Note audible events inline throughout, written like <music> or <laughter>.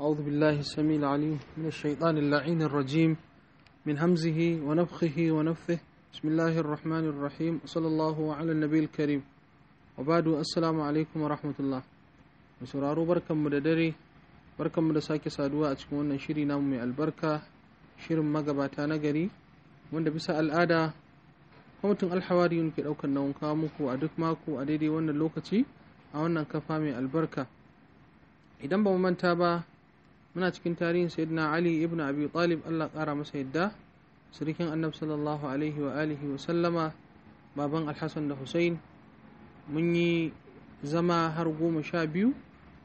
أعوذ بالله السميع العليم من الشيطان اللعين الرجيم من همزه ونفخه ونفثه بسم الله الرحمن الرحيم صلى الله على النبي الكريم وبعد السلام عليكم ورحمة الله مسرار بركم مددري بركة مدساك سادوا أتكون شيري نومي البركة شير مقباتا نقري وند بسا الآداء كمتن الحواريون كدوك النوم كاموك وأدوك ماكو أديدي وند اللوكتي أولنا كفامي البركة إذا بمنتابة muna cikin tarihin sayyidina ali ibn abi talib allah kara masa yadda surikin annabi sallallahu alaihi wa alihi wa sallama baban alhassan da hussein mun yi zama har goma sha biyu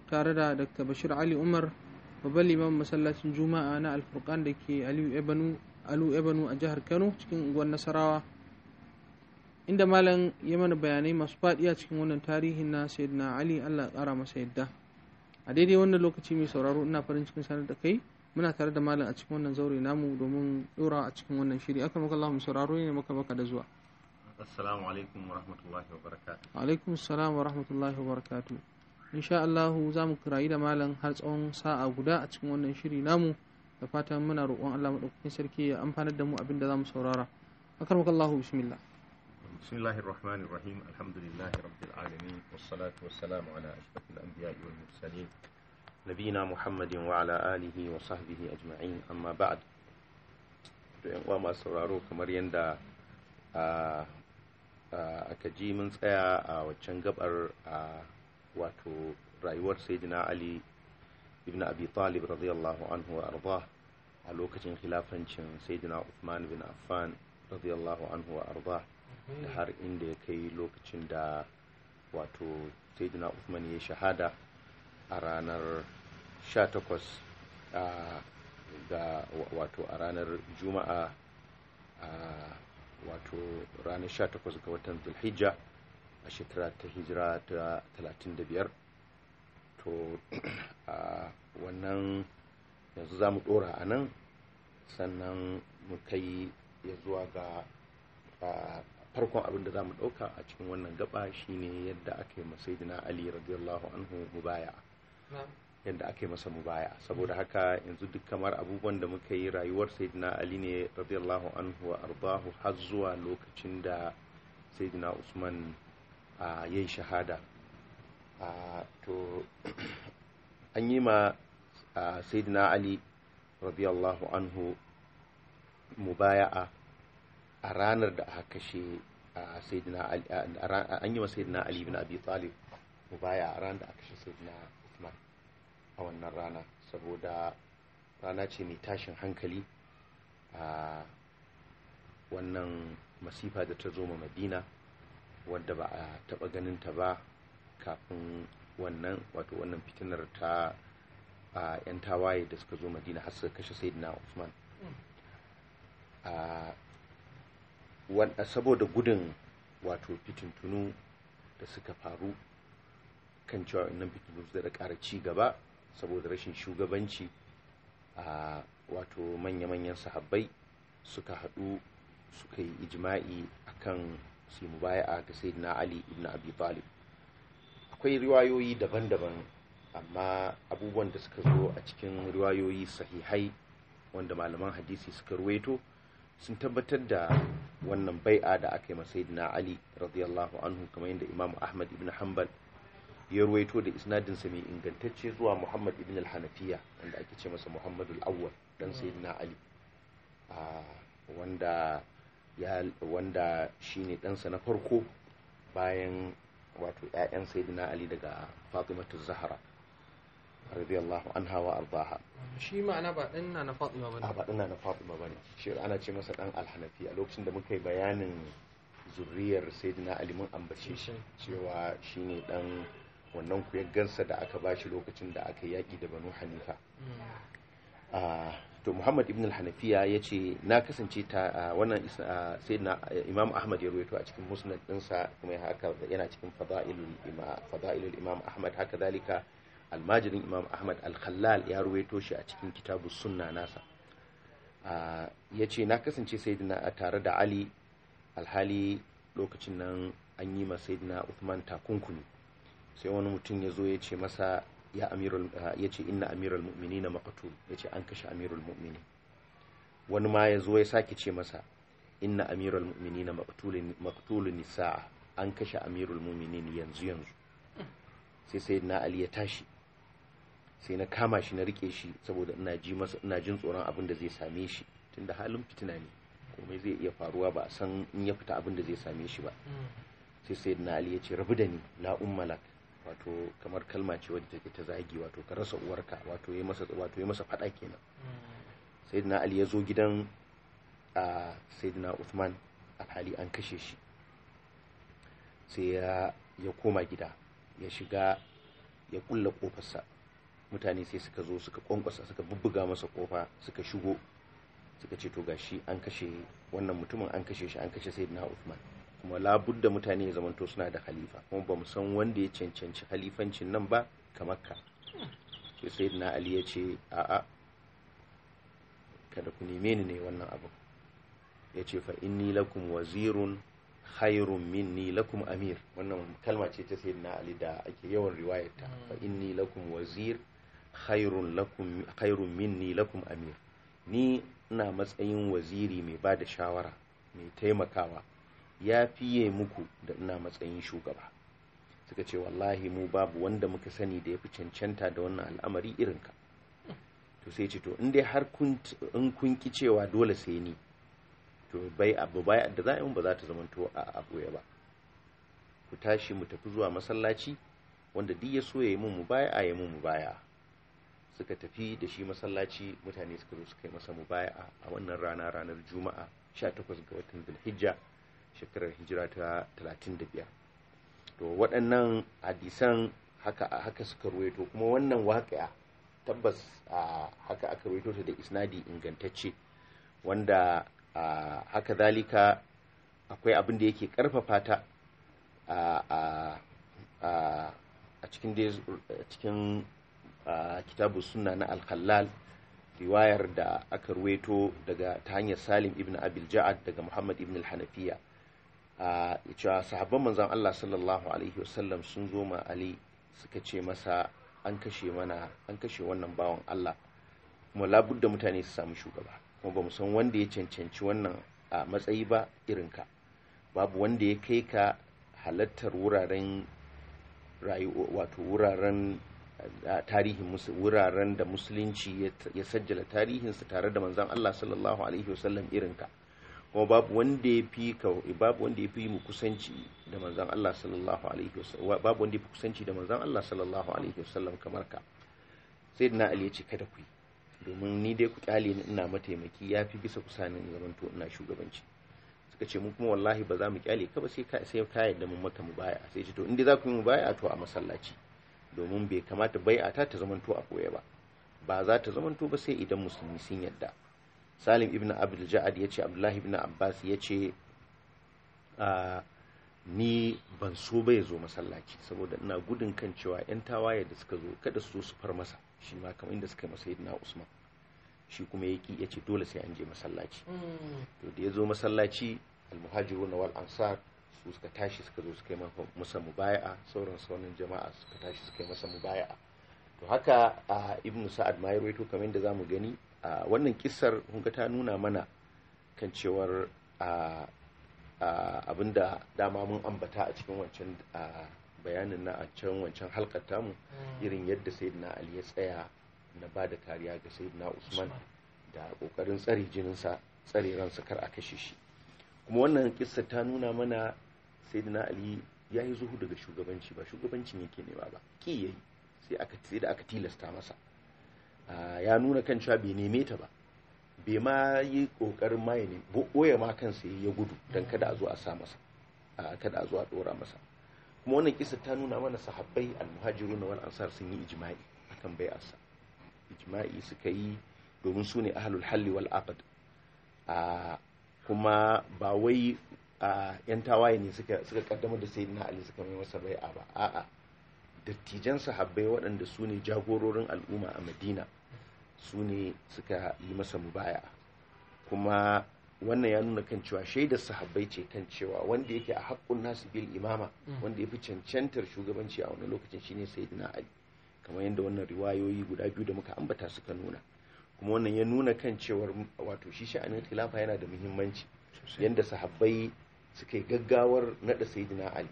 tare da dr bashir ali umar babban liman masallacin juma'a na alfurkan da ke alu ebanu a jihar kano cikin unguwar nasarawa inda malam ya mana bayanai masu faɗi a cikin wannan tarihin na sayyidina ali allah ƙara masa yadda a daidai wannan lokaci mai sauraro ina farin cikin sanar da kai muna tare da malam a cikin wannan zaure namu domin dora a cikin wannan shiri aka maka Allah mu sauraro ne maka baka da zuwa assalamu alaikum wa rahmatullahi wa barakatuh wa alaikum assalam wa rahmatullahi wa barakatuh insha Allah za mu kirayi da malam har tsawon sa'a guda a cikin wannan shiri namu da fatan muna roƙon Allah dauki sarki ya amfanar da mu abin da za mu saurara akarmaka Allah bismillah بسم الله الرحمن الرحيم الحمد لله رب العالمين والصلاة والسلام على أشرف الأنبياء والمرسلين نبينا محمد وعلى آله وصحبه أجمعين أما بعد وما سرارو كمريندا أكجي من سيا وچنگب واتو رأيور سيدنا علي ابن أبي طالب رضي الله عنه وأرضاه ألوكة خلافا سيدنا عثمان بن عفان رضي الله عنه وأرضاه da hmm. har inda ya kai lokacin da wato sayyidina usman ya shahada a ranar 18 ga wato a ranar juma'a a wato ranar 18 ga watan zulhijja a shekara ta hijira ta 35 to a wannan yanzu za mu dora a nan sannan mu kai ya zuwa ga farkon abin da za mu ɗauka a cikin wannan gaba shine yadda aka yi masaidina ali radiyallahu anhu baya yadda aka yi masa mubaya saboda haka yanzu duk kamar abubuwan da muka yi rayuwar saidina ali ne radiyallahu anhu wa arbahu har zuwa lokacin da saidina usman ya yi shahada to <clears throat> an yi ma saidina ali radiyallahu anhu mubaya'a a ranar da aka kashe an yi wa sayyidina ali bin abi talib mu baya a ranar da aka kashe sayyidina usman a wannan rana saboda rana ce mai tashin hankali a wannan masifa da ta zo ma madina wadda ba a taba ganin ta ba kafin wannan wato wannan fitinar ta a 'yan tawaye da suka zo madina har suka kashe sayyidina usman a saboda gudun wato fitintunu da suka faru kan cewa wannan fitintunu su da ƙara ci gaba saboda rashin shugabanci a wato manya-manyan sahabbai suka haɗu suka yi ijima'i akan su a ga na ali ibn abi talib akwai riwayoyi daban-daban amma abubuwan da suka zo a cikin riwayoyi sahihai wanda malaman hadisi suka ruwaito sun tabbatar da wannan bai'a da aka yi na ali radiyallahu anhu kamar yadda imam ahmad ibn hanbal ya ruwaito da isnadin sa mai ingantacce zuwa muhammad ibn al-hanafiya wanda ake ce masa muhammad al-awwal dan na ali ah, wanda ya wanda shine ɗansa na farko bayan wato 'ya'yan na ali daga fatimatu zahra radiyallahu anha wa ardaha shi ma'ana ba dan na Fatima bane ba dan na Fatima bane shi ana ce masa dan alhanafi a lokacin da muka yi bayanin zuriyar sayyidina Ali mun ambace shi cewa shine dan wannan gansa da aka bashi lokacin da aka yaki da Banu Hanifa hmm. to Muhammad ibn al ya ce na kasance ta wannan sayyidina Imam Ahmad ya ruwaito a cikin musnad dinsa kuma haka yana cikin fadailul imam fadailul Imam Ahmad haka zalika almajirin imam ahmad al-khallal ya ruwaito shi a cikin kitabu sunna nasa ya ce na kasance saidina a tare da ali alhali lokacin nan an yi ma saidina uthman takunkumi sai wani mutum ya zo ya ce masa ya ce inna amiral mu'mini na makatu ya ce an kashe amiral mu'mini wani ma ya zo ya sake ce masa inna amiral mu'mini na makatulun sa an kashe amirul mu'mini yanzu yanzu sai sai ali ya tashi sai na kama shi na rike shi saboda ina ji jin tsoron abin da zai same shi tunda halin fitina ne komai zai iya faruwa ba a san in ya fita abin da zai same shi ba sai sai na ali ya ce rabu da ni la ummalak wato kamar kalma ce wadda take ta zagi wato ka rasa uwarka wato ya masa wato ya masa fada kenan sai ali ya zo gidan a sayyidina Uthman a hali an kashe shi sai ya koma gida ya shiga ya kulla kofarsa mutane sai suka zo suka kwankwasa suka bubbuga masa kofa suka shigo suka ce to gashi an kashe wannan mutumin an kashe shi an kashe na Uthman kuma labudda mutane ya zamanto suna da halifa kuma ba mu san wanda ya cancanci halifancin nan ba kamar ka sai sayyidina Ali ya ce a'a kada ku neme ni ne wannan abin ya ce fa inni lakum wazirun khairun minni lakum amir wannan kalma ce ta sayyidina ali da ake yawan riwayarta hmm. fa inni lakum wazir khairun minni lakum amir ni ina matsayin waziri mai ba da shawara mai taimakawa ya fiye muku da ina matsayin shugaba suka ce wallahi mu babu wanda muka sani da ya fi cancanta da wannan al'amari irinka to sai ce to in dai har in kun ki cewa dole sai ni to bai abu bai da za ba za ta zamanto a abuya ba ku tashi mu tafi zuwa masallaci wanda duk ya so ya yi mun mu baya a yi mun mu baya suka tafi da shi masallaci mutane suka zo suka yi masa mubaya a wannan rana ranar juma'a 18 ga watan zulhijja shekarar hijira ta 35 to waɗannan hadisan haka haka suka ruwaito kuma wannan waƙi'a tabbas haka aka ruwaito ta da isnadi ingantacce wanda haka zalika akwai abin da yake karfafa ta a cikin kitabu sunna na al riwayar da aka ruweto daga ta hanyar salim ibn abil ja'ad daga muhammad ibn al-hanafiya a cewa sahabban manzan Allah sallallahu alaihi wasallam sun zo ma ali suka ce masa an kashe mana an kashe wannan bawan Allah kuma labudda mutane su samu shugaba kuma bamu san wanda ya cancanci wannan a matsayi ba irin ka babu wanda ya kai ka halattar wuraren wato wuraren tarihin wuraren da musulunci ya sajjala tarihinsa tare da manzan Allah sallallahu alaihi wasallam irinka kuma babu wanda ya fi babu wanda ya fi mu kusanci da manzan Allah sallallahu alaihi wasallam babu wanda ya fi kusanci da manzan Allah sallallahu alaihi wasallam kamar ka sai na Ali ya ce kada ku yi domin ni dai ku kyale ni ina mataimaki ya fi bisa kusanin to ina shugabanci suka ce mu kuma wallahi ba za mu kyale ka ba sai ka sai ka yadda mun maka mubaya sai ce to in dai za ku yi mubaya to a masallaci domin bai kamata bai ata ta zamanto a koya ba ba za ta zamanto ba sai idan musulmi sun yadda salim ibn abdul ja'ad ya ce abdullahi ibn abbas ya ce ni ban so ba ya zo masallaci saboda ina gudun kan cewa 'yan tawaye da suka zo kada su zo su far masa shi ma kamar inda suka yi masa yadda usman shi kuma ya ki ya ce dole sai an je masallaci mm. to da ya zo masallaci almuhajiru Nawal wal ansar su suka tashi suka zo suka yi masa mubaya'a sauran saunin jama'a suka tashi suka yi masa mubaya'a to haka a ibnu sa'ad ma ya rawaito kamar yadda zamu gani a wannan kissar kun ta nuna mana kan cewar a da dama mun ambata a cikin wancan bayanin na a can wancan halkar tamu hmm. irin yadda sayyidina ali ya tsaya na ba da kariya ga sayyidina usman da kokarin tsare jininsa tsare ransa kar a kashe shi kuma wannan kissa ta nuna mana Saidina ali ya yi zuhu daga shugabanci ba shugabancin yake nema ba ki yayi sai aka sai da aka tilasta masa ya nuna kan cewa bai neme ta ba bai ma yi kokarin ma ya boye ma kansa ya gudu dan kada a zo a sa masa kada a zo a dora masa kuma wannan kisa ta nuna mana sahabbai na wal ansar sun yi ijma'i akan sa ijma'i suka yi domin su ne ahlul halli wal aqd kuma ba wai a yan tawaye ne suka kaddamar da sayyidina ali suka mai masa bai'a ba a'a dattijan sahabbai waɗanda su ne jagororin al'umma a madina su ne suka yi masa mubaya kuma wannan ya nuna kan cewa shaidar sahabbai ce kan cewa wanda yake a haƙƙun nasu bil imama mm. wanda ya fi cancantar shugabanci a wani lokacin shine sayyidina ali kamar yadda wannan riwayoyi guda biyu da muka ambata suka nuna kuma wannan ya nuna kan cewar wato shi sha'anin khilafa yana da muhimmanci yadda sahabbai suka yi gaggawar naɗa sayidina ali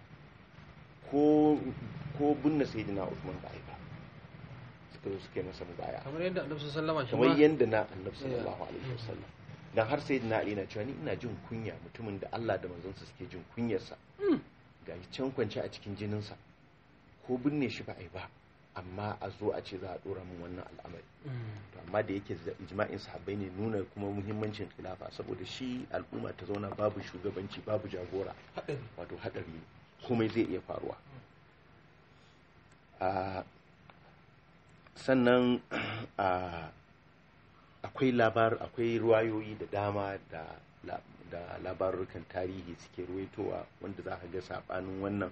ko binne sayidina usman ba ba suka zo suka yi masa mubaya kamar yadda annabi sallallahu alaihi wasallam kamar yadda na annabi sallallahu alaihi dan har sayidina ali na cewa ni ina jin kunya mutumin da Allah da manzansa suke jin kunyarsa hmm. ga can kwance a cikin jininsa ko binne shi ba ai ba amma a zo a ce za a dora min wannan al'amari mm. to amma da yake ijma'in sahabbai ne nuna kuma muhimmancin khilafa saboda shi al'umma ta zauna babu shugabanci babu jagora wato hadari komai zai iya faruwa sannan akwai labar akwai ruwayoyi da dama da da labarukan tarihi suke ruwaitowa wanda za ka ga sabanin wannan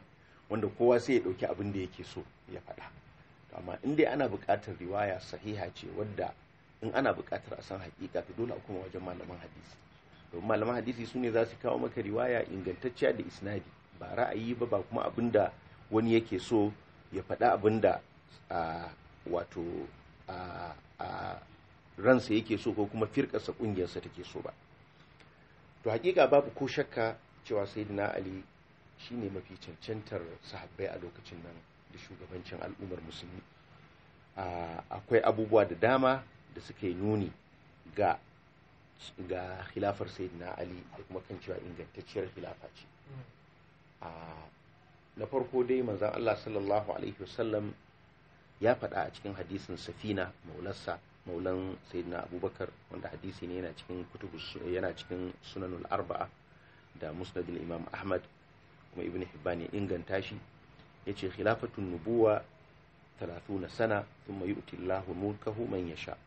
wanda kowa sai ya ɗauki abin da yake so ya faɗa amma in dai ana buƙatar riwaya sahiha ce wadda in ana buƙatar a san hakika to dole a kuma wajen malaman hadisi domin malaman hadisi su ne za su kawo maka riwaya ingantacciya da isnadi ba ra'ayi ba ba kuma abin da wani yake so ya faɗa abin da wato a ransa yake so ko kuma firƙarsa ƙungiyarsa take so ba to hakika babu ko shakka cewa sayyidina ali shine mafi cancantar sahabbai a lokacin nan da shugabancin al'ummar musulmi akwai abubuwa da dama da suke nuni ga ga khilafar sayyidina ali da kuma kan cewa ingantacciyar khilafa ce na farko dai manzon Allah sallallahu alaihi wasallam ya faɗa a cikin hadisin safina maularsa maulan sayyidina abubakar wanda hadisi ne yana cikin kutubu yana cikin sunanul arba'a da musnadul imam ahmad kuma ibn hibban ya inganta shi yace khilafatun nubuwa 30 sana sun yu'ti Allahu mulkahu man sha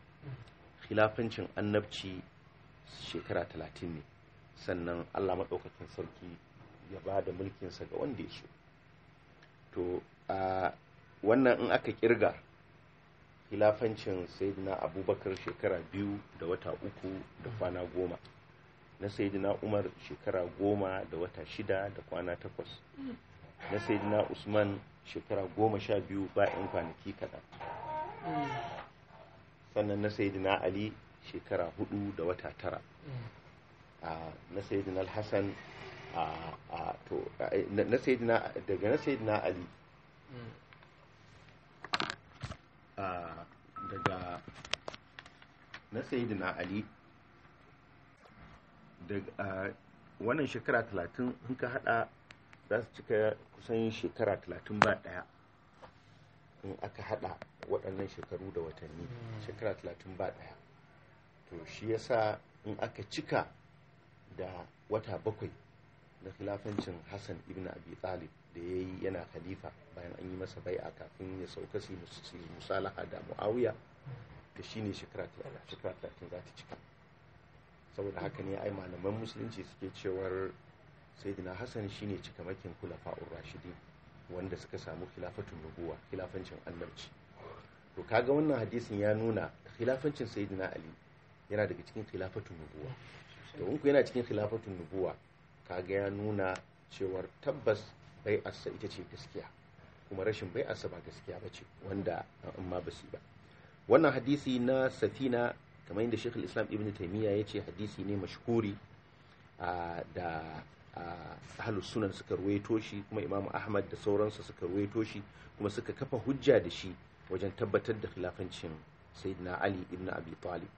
khilafancin annabci shekara 30 ne sannan Allah madaukakin sarki ya ba da mulkinsa ga wanda ya so to a wannan in aka kirga khilafancin sayyidina abubakar shekara biyu da wata uku da kwana goma na sayyidina umar shekara goma da wata shida da kwana takwas na sayidina usman shekara goma sha biyu ba kwanaki kaɗan sannan na sayidina ali shekara hudu da wata tara na sayyidina na hassan daga na sayidina ali daga na sayidina ali daga wannan shekara talatin in ka hada za su cika kusan shekara talatin ba ɗaya in aka haɗa waɗannan shekaru da watanni hmm. shekara talatin ba ɗaya to shi yasa in aka cika da wata bakwai na khilafancin hassan ibn abi talib da ya yi yana khalifa bayan an yi masa bai'a kafin ya sauka su musalaha da muawiya da shi ne shekara talatin za ta cika saboda haka ne ai malaman musulunci suke cewar sayyidina hassan shine cikamakin kulafa rashidi wanda suka samu khilafatun nubuwa khilafancin annabci to kaga wannan hadisin ya nuna khilafancin sayyidina ali yana daga cikin khilafatun nubuwa to in yana cikin khilafatun nubuwa kaga ya nuna cewar tabbas bai asa ita ce gaskiya kuma rashin bai asa ba gaskiya ba ce wanda amma ba su ba wannan hadisi na safina kamar yadda shekul islam ibn taimiyya ya ce hadisi ne mashhuri ah, da ahlus sunan suka ruwaito shi kuma imamu ahmad da sauransu suka ruwaito shi kuma suka kafa hujja da shi wajen tabbatar da khilafancin sayyidina ali ibn abi talib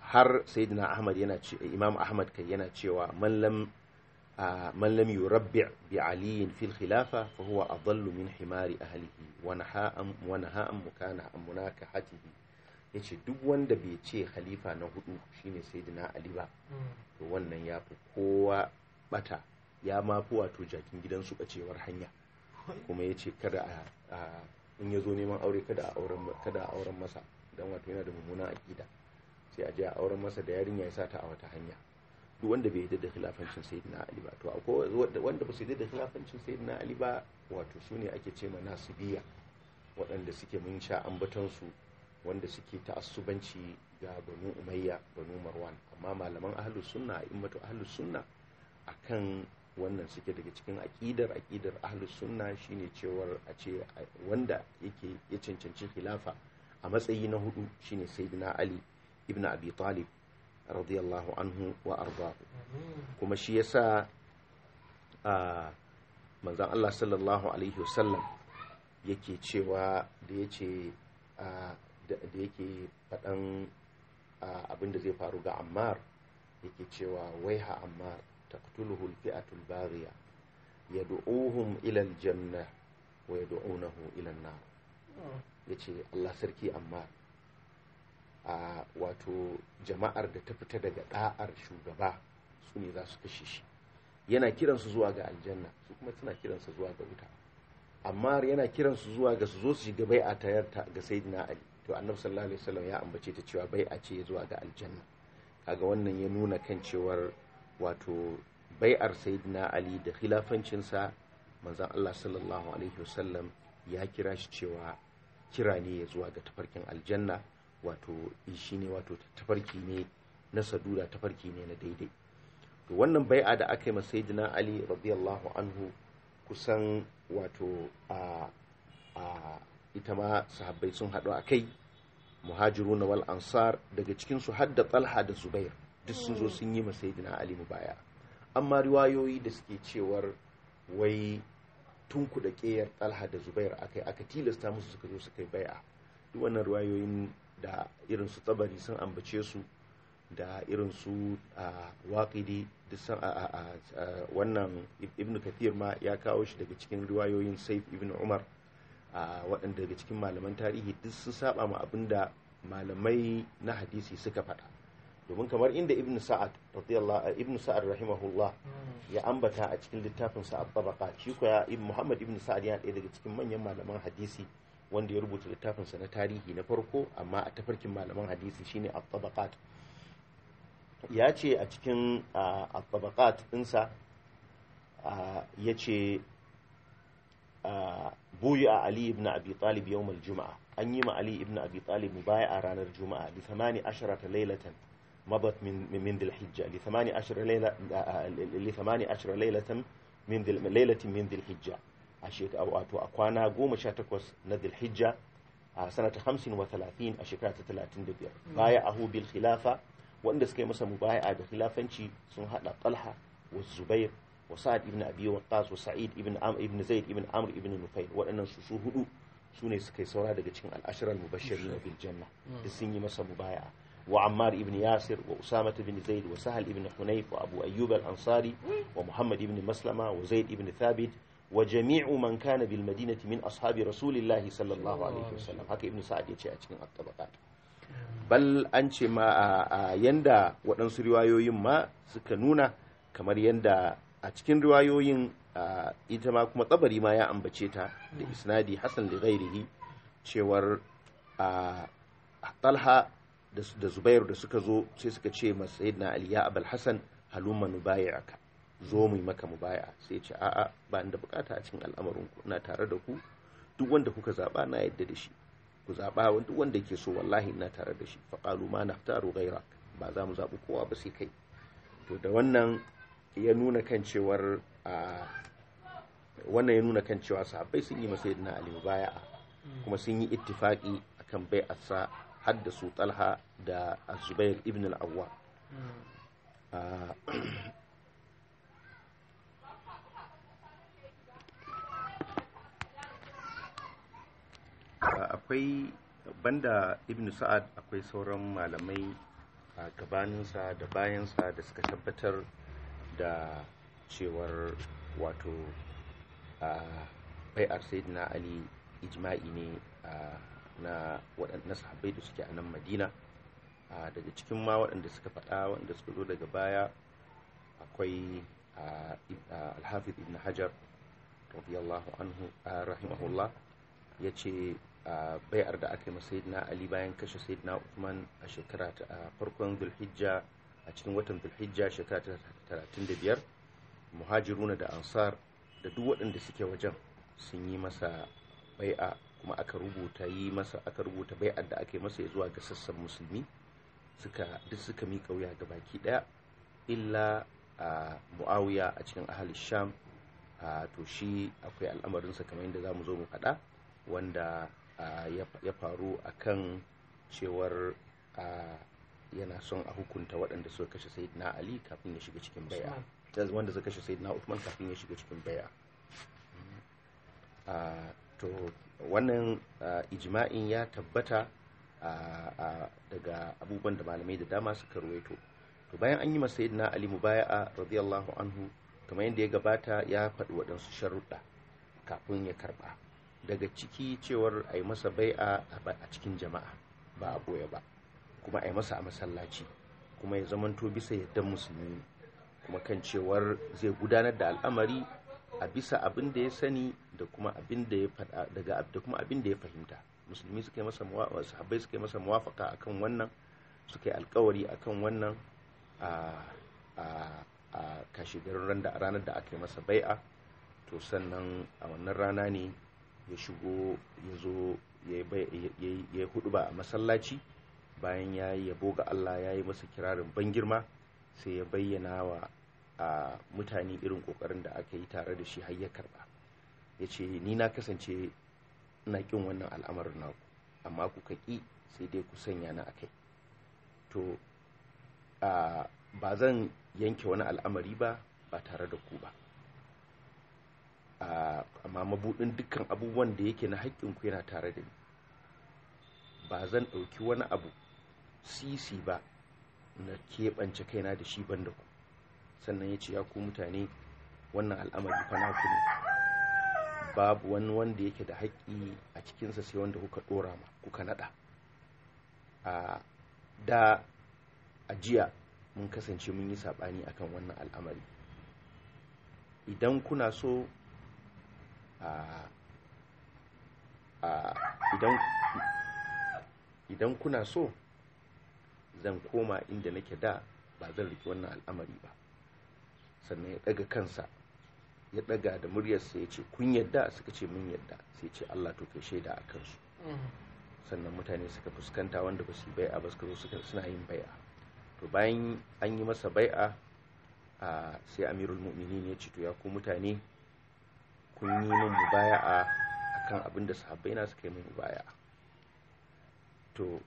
har sayyidina ahmad yana ce imam ahmad kai yana cewa man lam man lam yurabbi bi aliyin fil khilafa fa huwa adallu min himari ahlihi wa nahaa wa nahaa mukana ya ce duk wanda bai ce khalifa na hudu shine sayyidina ali ba hmm. to wannan ya fi kowa bata ya ma fi wato jakin gidansu bacewar hanya kuma ya ce kada a in ya zo neman aure kada a auren masa don wato yana da mummunan aƙida sai a je a auren masa da yarinya ya sa ta a wata hanya duk wanda bai yadda da khilafancin sayyidina ali ba to wanda ba su yadda da khilafancin sayyidina ali ba wato sune ake ce ma biya waɗanda suke mun sha ambaton wanda suke ta'assubanci ga banu umayya banu marwan amma malaman ahlus sunna immatu ahlus sunna akan wannan suke daga cikin aƙidar aƙidar ahlus sunna shine cewar a ce wanda yake ya cancanci khilafa a matsayi na hudu shine sayyidina ali ibn abi talib radiyallahu anhu wa ardahu kuma shi yasa a manzon Allah sallallahu alaihi wasallam yake cewa da yace da yake faɗan abin da zai faru ga ammar yake cewa waiha ammar taqtuluhu alfi'atul baghiya yad'uhum ila aljanna wa yad'unahu ila an-nar yace Allah sarki ammar a wato jama'ar da ta fita daga da'ar shugaba su ne za su kashe shi yana kiransu zuwa ga aljanna su kuma suna kiransa zuwa ga wuta amma yana kiransu zuwa ga su zo su shiga bai'a ta ga sayyidina ali to annabi sallallahu alaihi wasallam ya ambace ta cewa bai a ce zuwa ga aljanna kaga wannan ya nuna kan cewar wato bai'ar sayyidina ali da khilafancinsa manzon Allah sallallahu alaihi wasallam ya kira shi cewa kira ne ya zuwa ga tafarkin aljanna wato shi ne wato tafarki ne na saduda tafarki ne na daidai to wannan bai'a da aka yi masa sayyidina ali radiyallahu anhu kusan wato a a ita ma sahabbai sun haɗu a kai muhajiru na wal ansar daga cikinsu hadda da talha da zubair duk sun zo oh. sun yi masaidina ali baya amma riwayoyi da suke cewar wai tun da ƙeyar talha da zubair akai aka tilasta musu suka zo suka yi baya duk wannan riwayoyin da irin su tsabari sun ambace su da irin su a waƙidi wannan ibn kathir ma ya kawo shi daga cikin riwayoyin saif ibnu umar a waɗanda daga cikin malaman tarihi duk su saba ma abin da malamai na hadisi suka faɗa domin kamar inda ibn sa'ad radiyallahu eh, ibn sa'ad rahimahullah ya ambata a cikin littafin sa at shi ko ya ibn muhammad ibn sa'ad yana daga cikin manyan malaman hadisi wanda ya rubuta littafin sa na tarihi na farko amma a tafarkin malaman hadisi shine at-tabaqat ya ce a cikin ah, at-tabaqat ɗinsa ah, ya ce buyi a ali ibn abi talib yawmal juma'a an yi ma ali ibn abi talib mubaya ranar juma'a li thamani asharata laylatan mabat min dhil hijja li thamani ashara li thamani ashara laylatan min dil laylatin min dhil hijja a shekara wato a kwana 18 na dhil hijja a sanata 35 a shekara ta 35 baya ahu bil khilafa wanda suka yi masa mubaya'a da khilafanci sun hada talha wa zubair Wa ابن ابي وقاص وسعيد wa Sa'id ابن زيد ابن عمرو ابن نفيل وانا شو هدو su ne suka yi saura daga cikin al'ashirar mubashirin na filjanna mm. da sun yi masa mubaya wa ammar ibn yasir wa usama ta bin zaid wa sahal ibn hunayf wa abu Ayyubal ansari wa muhammad ibn maslama wa zaid Ibni thabit wa jami'u man kana bil madinati min ashabi rasulillahi sallallahu alaihi wasallam haka ibn sa'ad ya ce a cikin at-tabaqat bal an ce ma yanda waɗansu riwayoyin ma suka nuna kamar yanda a cikin riwayoyin ita ma kuma tsabari ma ya ambace ta da isnadi Hassan da ghairihi cewar talha da zubairu da suka zo sai suka ce masa yadda ali ya abal hassan halumma ka zo mu yi maka mu baya sai ce a'a ba da bukata a cikin al'amarin ku na tare da ku duk wanda kuka zaba na yadda da shi ku zaba duk wanda ke so wallahi na tare da shi faqalu ma naftaru ghairak ba za mu zaɓi kowa ba sai kai to da wannan ya nuna kan cewar wannan ya nuna kan cewa sahabbai sun yi masa yadda ali baya kuma sun yi ittifaki akan bai asa har da su talha da zubair ibn al-awwa akwai banda ibn sa'ad akwai sauran malamai a gabaninsa da bayansa da suka tabbatar da cewar wato bai bai'ar na ali ijma'i ne na waɗanda sahabbai da suke a nan madina daga cikin ma waɗanda suka faɗa waɗanda suka zo daga baya akwai alhafiz ibn hajar radiyallahu anhu rahimahullah ya ce bai'ar da aka yi ma sayyidina ali bayan kashe sayyidina Uthman a shekara ta farkon zulhijja a cikin watan zulhijja shekara ta da biyar muhajiruna da ansar da duk waɗanda suke wajen sun yi masa bai'a kuma aka rubuta yi masa aka rubuta bai'ar da aka yi masa zuwa ga sassan musulmi suka duk suka mika wuya ga baki ɗaya illa a muawiya a cikin ahalin sham to shi akwai al'amarinsa kamar yadda za mu zo mu faɗa wanda ya faru akan cewar yana son a hukunta waɗanda suka kashe na ali kafin ya shiga cikin baya wanda suka kashe na usman kafin ya shiga cikin baya ah, to wannan ah, ijma'in ya tabbata ah, daga abubuwan da malamai da dama suka ruwaito to bayan an yi ma na ali mubaya'a radiyallahu anhu kamar yadda ya gabata ya faɗi waɗansu sharuɗa kafin ya karɓa daga ciki cewar a yi masa bai'a a cikin jama'a ba a ba kuma a yi masa a masallaci kuma ya zamanto bisa yadda musulmi kuma kan cewar zai gudanar da al'amari a bisa abin da ya sani da kuma abin da ya fada daga da kuma abin da ya fahimta musulmi suka yi masa sahabbai suka yi masa muwafaka akan wannan suka yi alkawari akan wannan a a a kashigarin ranar da aka yi masa bai'a to sannan a wannan rana ne ya shigo ya zo ya yi hudu ba a masallaci bayan ya yi yabo ga allah ya yi masa kirarin ban girma sai ya bayyana wa a mutane irin kokarin da aka yi tare da shi har ya karba ya ce ni na kasance na kin wannan al'amarin naku amma ku ka ki sai dai ku sanya na kai to ba zan yanke wani al'amari ba ba tare da ku ba amma mabudin dukkan abubuwan da yake na haƙƙinku yana tare da ni ba zan ɗauki wani abu sisi ba na keɓance kaina da shi ban da ku sannan ya ce ya ku mutane wannan al'amari fa naku ne babu wani wanda yake da haƙƙi a cikinsa sai wanda kuka ɗora ma kuka naɗa a da a jiya mun kasance mun yi saɓani akan wannan al'amari idan kuna so idan kuna so zan koma inda nake da ba zan riƙe wannan al'amari ba sannan ya ɗaga kansa ya ɗaga da muryarsa ya ce kun yadda suka ce mun yadda sai ce Allah to kai shaida a kansu mm-hmm. sannan mutane suka fuskanta wanda ba su yi bai'a ba suka zo suna yin bai'a to bayan an yi masa bai'a a sai amirul mu'minin ya ce to ya ku mutane kun yi min mubaya'a akan abin da sahabbai na suka yi min mubaya'a to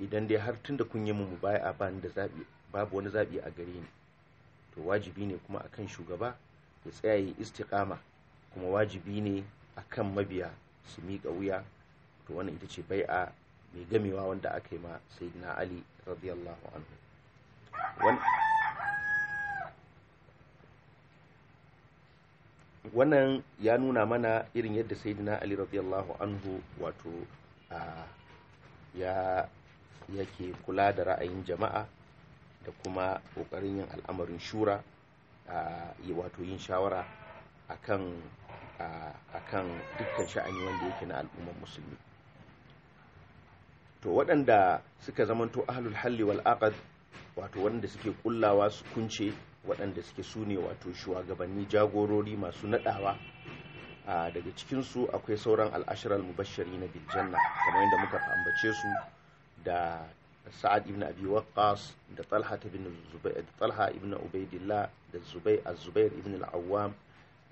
idan dai har tun da kun yi mu baya a bani da zaɓi babu wani zaɓi a gare ni to wajibi ne kuma akan shugaba ya tsaya yi istiƙama kuma wajibi ne akan mabiya su miƙa wuya to wannan ita ce bai'a mai gamewa wanda aka yi ma sayyidina ali radiyallahu anhu wannan ya nuna mana irin yadda sayyidina ali radiyallahu anhu wato ah, ya yake kula da ra'ayin jama'a da kuma ƙoƙarin yin al'amarin shura wato yin shawara akan akan dukkan sha'ani wanda yake na al'ummar musulmi to waɗanda suka zamanto ahlul halli wal aqad wato waɗanda suke kullawa su kunce waɗanda suke sune wato shugabanni jagorori masu naɗawa daga cikinsu akwai sauran al'ashirar mubashari na janna, kamar yadda muka ambace su da sa'ad ibn abi waqqas da talha ibn zubair da talha ibn ubaidillah da zubair az-zubair ibn al-awwam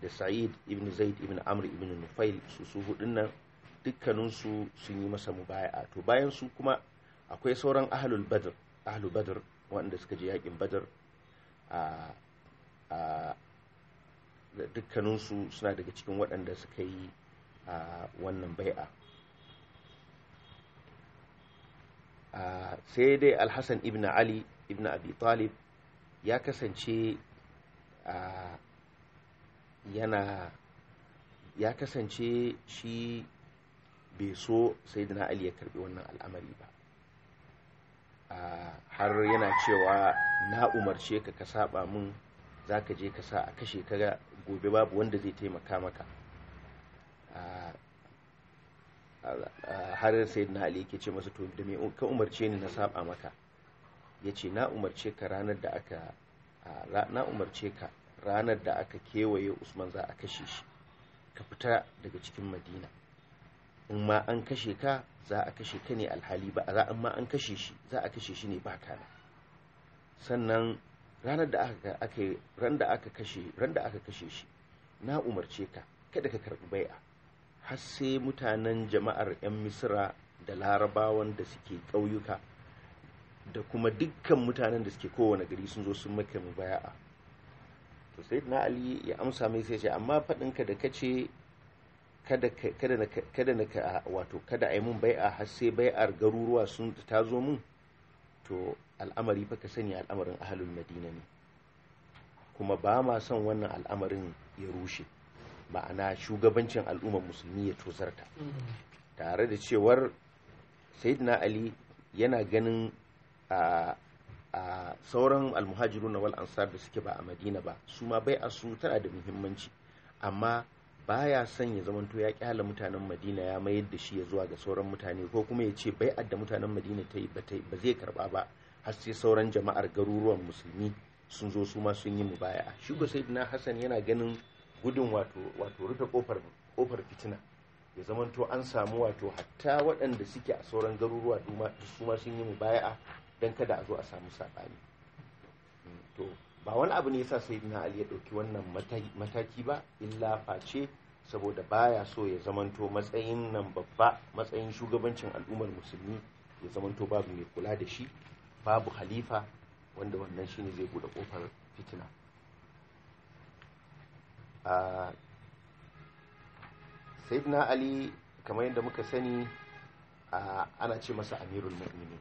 da sa'id ibn zaid ibn amr ibn nufail su su hudun nan dukkanin su sun yi masa mubaya'a to bayan su kuma akwai sauran ahlul badr ahlul badr waɗanda suka je yakin badr a a dukkanin su suna daga cikin waɗanda suka yi wannan bai'a sai dai alhassan ibn ali ibn abi talib ya kasance yana ya kasance shi bai so sai na ali ya karbi wannan al'amari ba har yana cewa na umarce ka ka saba min za ka je ka sa a kashe ka gobe babu wanda zai taimaka maka har na ali yake ce masa to da me ka umarce ni na saba maka yace na umarce ka ranar da aka na umarce ka ranar da aka kewaye usman za a kashe shi ka fita daga cikin madina in ma an kashe ka za a kashe ka ne alhali ba za ma an kashe shi za a kashe shi ne ba kana sannan ranar da aka aka ran da aka kashe ran da aka kashe shi na umarce ka kada ka karbi bai'a har sai mutanen jama'ar 'yan Misira da larabawan da suke ƙauyuka da kuma dukkan mutanen da suke kowane gari sun zo sun maka mu baya'a to sai na ali ya amsa mai sai ce amma faɗinka da kace kada kada na ka wato kada a yi mun bai'a har sai bai'ar garuruwa sun ta zo mun to al'amari fa ka sani al'amarin ahlul madina ne kuma ba ma son wannan al'amarin ya rushe ma'ana shugabancin al'ummar musulmi ya tozarta mm-hmm. tare da cewar sayyidina ali yana ganin a sauran almuhajiru na ansar da suke ba a madina ba su ma bai a su tana da muhimmanci amma baya son ya zamanto ya kyala mutanen madina ya mayar da shi ya zuwa ga sauran mutane ko kuma ya ce bai da mutanen madina ta yi ba zai karba ba har sai sauran jama'ar garuruwan musulmi sun zo su ma sun yi mubaya shugo ko sayyidina hasan yana ganin gudun wato rufe kofar fitina ya zamanto an samu wato hatta waɗanda suke a sauran garuruwa su ma sun yi mu baya'a don kada a zo a samu saɓani mm, to ba wani abu ne ya sa sai na ali ya ɗauki wannan mataki ba illa face saboda baya so ya zamanto matsayin nan babba matsayin shugabancin al'ummar musulmi ya zamanto babu mai kula da shi babu halifa wanda wannan shine zai buɗe kofar fitina a na ali kamar yadda muka sani ana ce masa amirul mu'mini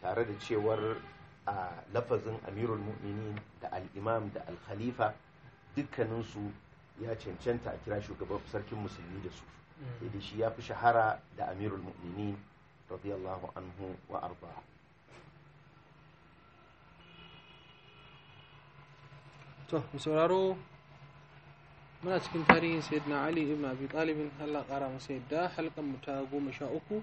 tare da cewar a lafazin amirul mu'mini da al'imam da al-khalifa dukkaninsu ya cancanta a kira shugaban sarkin musulmi da su mm. shi ya fi shahara da amirul mu'mini radiyallahu anhu wa arba to sauraro muna cikin tarihin na ali ibn abi talibin allah kara masa yadda halkan mu ta goma sha uku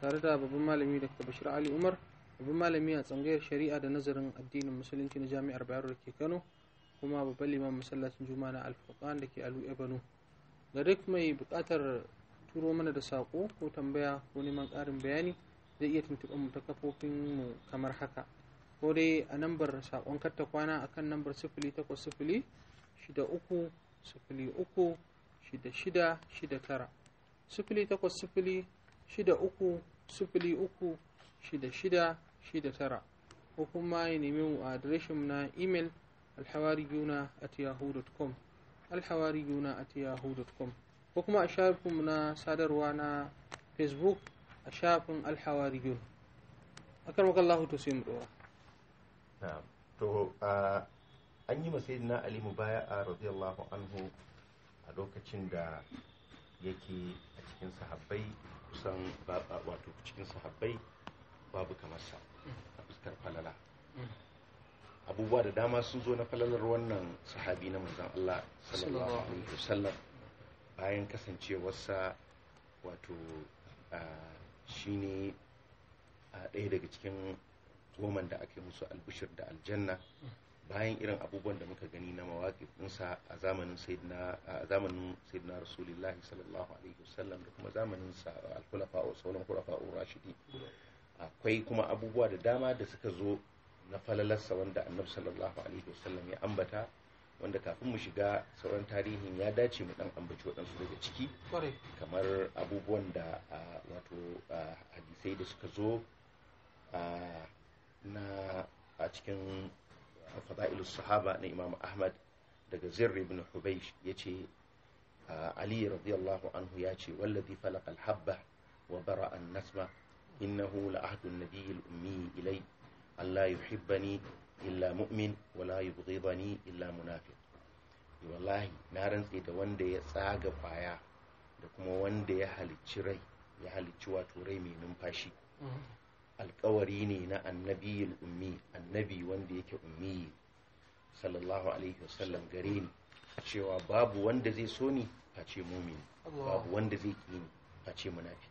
tare da babban malami da bashir ali umar babban malami a tsangayar shari'a da nazarin addinin musulunci na jami'ar bayero da ke kano kuma babban liman masallacin juma'a na alfurqan da ke alu ebano ga duk mai buƙatar turo mana da saƙo ko tambaya ko neman ƙarin bayani zai iya tuntuɓar mu ta kafofin mu kamar haka ko dai a nambar saƙon katta kwana akan nambar sifili takwas sifili shida uku sifili uku shida shida shida tara sifili takwas sifili shida uku sifili uku shida shida shida tara ko kuma ya nemi mu adireshin na imel alhawariyuna at yahoo.com alhawariyuna at yahoo.com ko kuma a shafinmu na sadarwa na facebook a shafin alhawariyun a karmakallahu to sai mu ɗora to an yi na ali a radiyallahu anhu a lokacin da yake a cikin sahabbai kusan wato cikin sahabbai babu kamar sa a fuskar falala abubuwa da dama sun zo na falalar wannan sahabi na mazan Allah sallallahu alaihi wasallam bayan kasancewarsa wato shine ɗaya daga cikin goman da aka yi musu albishir da aljanna bayan irin abubuwan da muka gani na mawaƙifinsa a zamanin sayyidina a zamanin sayyidina rasulullahi sallallahu alaihi wasallam da kuma zamanin sa al-khulafa wa sauran khulafa rashidi akwai kuma abubuwa da dama da suka zo na falalarsa wanda annabi sallallahu alaihi wasallam ya ambata wanda kafin mu shiga sauran tarihin ya dace mu dan ambaci waɗansu daga ciki kamar abubuwan da wato hadisai da suka zo na a cikin littafin fada'il sahaba na imam ahmad daga zirri ibn hubaish yace ce ali radiyallahu anhu ya ce wallazi falaq alhabba wa bara an nasma innahu la ahdun an al-ummi ilay alla yuhibbani illa mu'min wa la yubghidani illa munafiq wallahi na rantse da wanda ya tsaga kwaya da kuma wanda ya halicci rai ya halicci wato rai mai numfashi mm-hmm. alkawari ne na annabiyul ummi annabi wanda yake ummi sallallahu alaihi wasallam gare ni cewa babu wanda zai so ni face mumini babu wanda zai ki ni face munafiki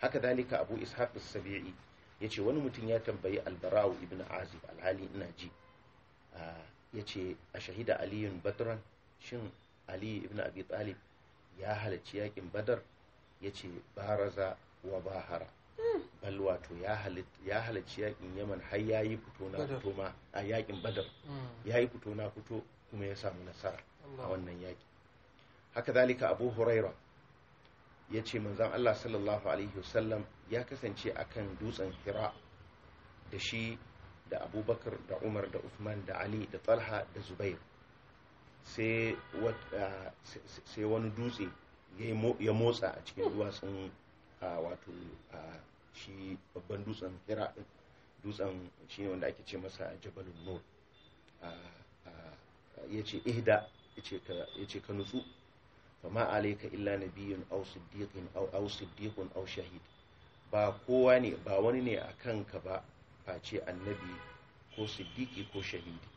haka dalika abu ishaq as-sabi'i yace wani mutum ya tambayi albara'u ibn azib alhali ina ji yace a shahida aliyun badran shin ali ibn abi talib ya halarci yakin badar yace baraza wa bahara bal wato ya halarci yaƙin yaman har ya yi fito na fito ma a yakin mm. badar ya yi fito na fito kuma ya samu nasara a wannan yaki haka zalika abu huraira ya ce manzan allah sallallahu alaihi wasallam ya kasance a kan dutsen hira da shi da abubakar da umar da uthman da ali da talha da zubair sai ah, wani dutse ya motsa a cikin mm. duwatsun wato shi babban dutsen hira din dutsen shi ne wanda ake ce masa jabalun nur ya ce ihda ya ce ka nutsu ma alaika illa nabiyun aw siddiqin au siddiqun au shahid ba kowa ne ba wani ne a kanka ba face annabi ko siddiqi ko shahidi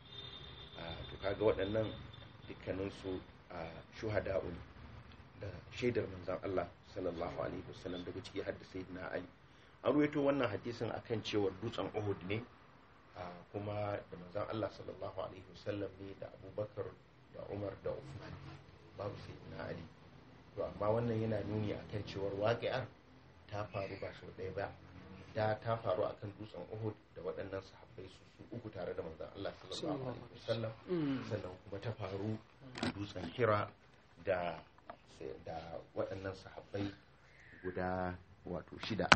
to kaga waɗannan dukkaninsu a shuhada'u da shaidar manzon Allah sallallahu alaihi wasallam daga ciki har da sayyidina ali an ruwaito wannan hadisin akan cewa dutsen uhud ne kuma da manzon Allah sallallahu alaihi wasallam ne da abubakar da umar da usman babu sayyidina ali to amma wannan yana nuni akan cewar Waqi'ar ta faru ba sau ɗaya ba da ta faru akan dutsen uhud da waɗannan sahabbai su su uku tare da manzon Allah sallallahu alaihi wasallam sannan kuma ta faru a dutsen hira da da waɗannan sahabbai guda wato shida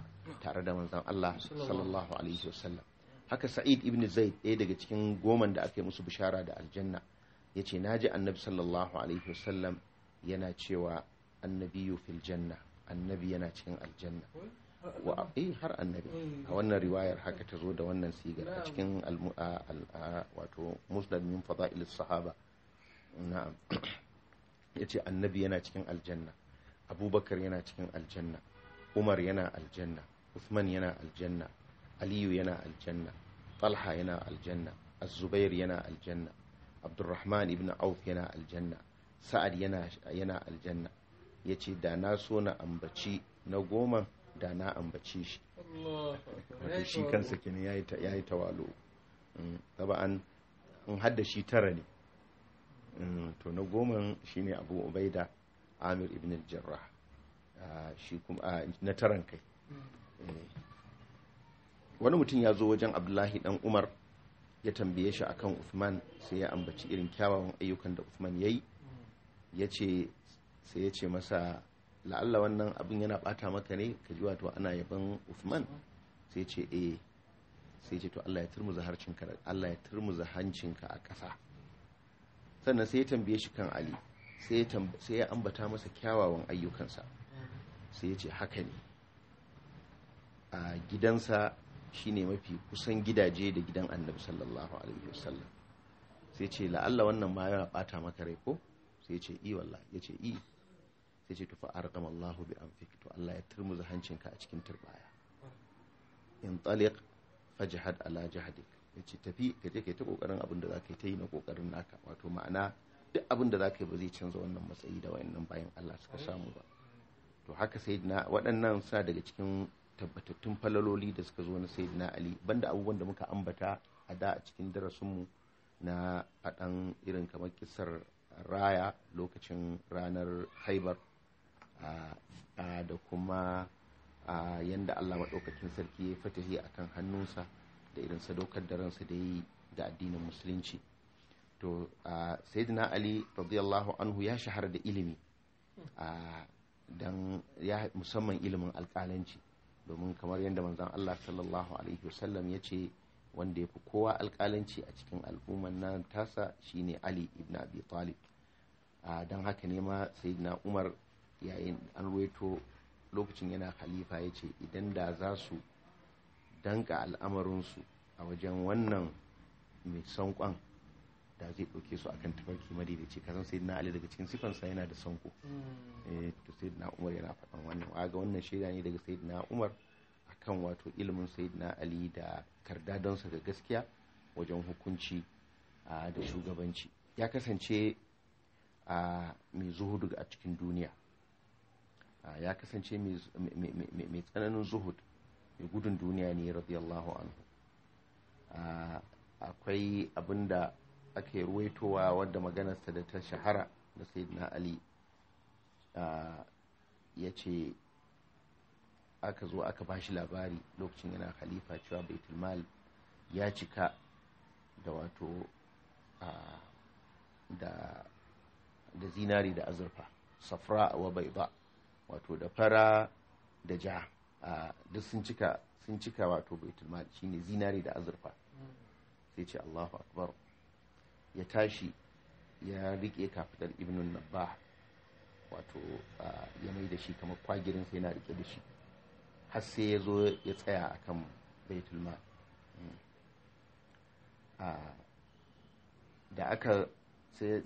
tare da manzon Allah sallallahu alaihi wasallam haka Sa'id ibn Zaid ɗaya daga cikin goman da aka musu bishara da aljanna yace naji annabi sallallahu alaihi wasallam yana cewa annabiyu fil janna annabi yana cikin aljanna wa eh har annabi a wannan riwayar haka ta zo da wannan sigar a cikin wato musnad min fada'il sahaba na'am ya ce annabi yana cikin aljanna abubakar yana cikin aljanna umar yana aljanna usman yana aljanna aliyu yana aljanna talha yana aljanna azubair yana aljanna abdurrahman ibn auf yana aljanna sa'ad yana aljanna yace ce da na so na ambaci na goma da na ambaci shi wato shi kansa kini ya yi tawalo mm, shi tara ne Mm, to na goma shine abu ubaida amir ibn jarrah ah, shi kuma ah, na taran kai eh. wani mutum ya zo wajen abdullahi dan umar ya tambaye shi akan uthman sai ya ambaci irin kyawawan ayyukan da uthman ya yi ya ce sai ya ce masa la'alla wannan abin yana bata maka ne ka ji wato ana yaban uthman sai ce eh sai ce to allah ya turmuza harcinka allah ya turmuza hancinka a ƙasa sannan sai ya tambaye shi kan ali sai ya ambata masa kyawawan ayyukansa sai ya ce haka ne a gidansa shine mafi kusan gidaje da gidan annabi sallallahu alaihi wasallam sai ce la'alla wannan ma yana bata maka rai ko sai ce i wallah ya ce i sai ce tufa arqam Allahu bi anfik to Allah ya turmuza hancinka a cikin turbaya in taliq fajhad ala jahadik ya ce tafi ka je ka yi ta kokarin abin da za ka yi ta yi na kokarin naka wato ma'ana duk abin da za ka yi ba zai canza wannan matsayi da wayannan bayan Allah suka samu ba to haka sai sayyidina waɗannan suna daga cikin tabbatattun falaloli da suka zo na na Ali banda abubuwan da muka ambata a da a cikin darasinmu na a ɗan irin kamar kisar raya lokacin ranar haibar da kuma yadda Allah maɗaukakin sarki ya fatahi a kan hannunsa da irin sadaukar da ransa da yi ga addinin musulunci to sayyidina ali radiyallahu anhu ya shahara da ilimi don ya musamman ilimin alƙalanci domin kamar yadda manzon Allah sallallahu alaihi wasallam ya ce wanda ya fi kowa alƙalanci a cikin al'umman nan tasa shine Ali ibn Abi Talib don haka ne ma sayyidina Umar yayin an ruwaito lokacin yana khalifa ya ce idan da za su danka al'amarinsu a wajen wannan mai sankon da zai ɗauke su akan tafarki madaidaici kasan sai na ali daga cikin sifansa yana da sanko mm. eh, to sai na umar yana faɗan wannan ga wannan shaida ne daga sai na umar akan wato ilimin sai na ali da kardadonsa ga gaskiya wajen hukunci da shugabanci ya kasance mai zuhudu a cikin duniya ya kasance mai tsananin zuhud mai gudun duniya ne radiyallahu anhu akwai abinda ake ruwaitowa wadda maganarsa da ta shahara na sayyidina ali ya ce aka zo aka bashi labari lokacin yana khalifa cewa baitulmal ya cika da wato da zinari da azurfa safra wa ba wato da fara da ja duk sun cika sun cika wato baitul shine zinari da azurfa sai ce Allahu akbar ya tashi ya rike kafidar ibn nabbah wato ya mai da shi kamar kwagirin sai yana rike da shi har sai ya zo ya tsaya akan baitul mal hmm. da aka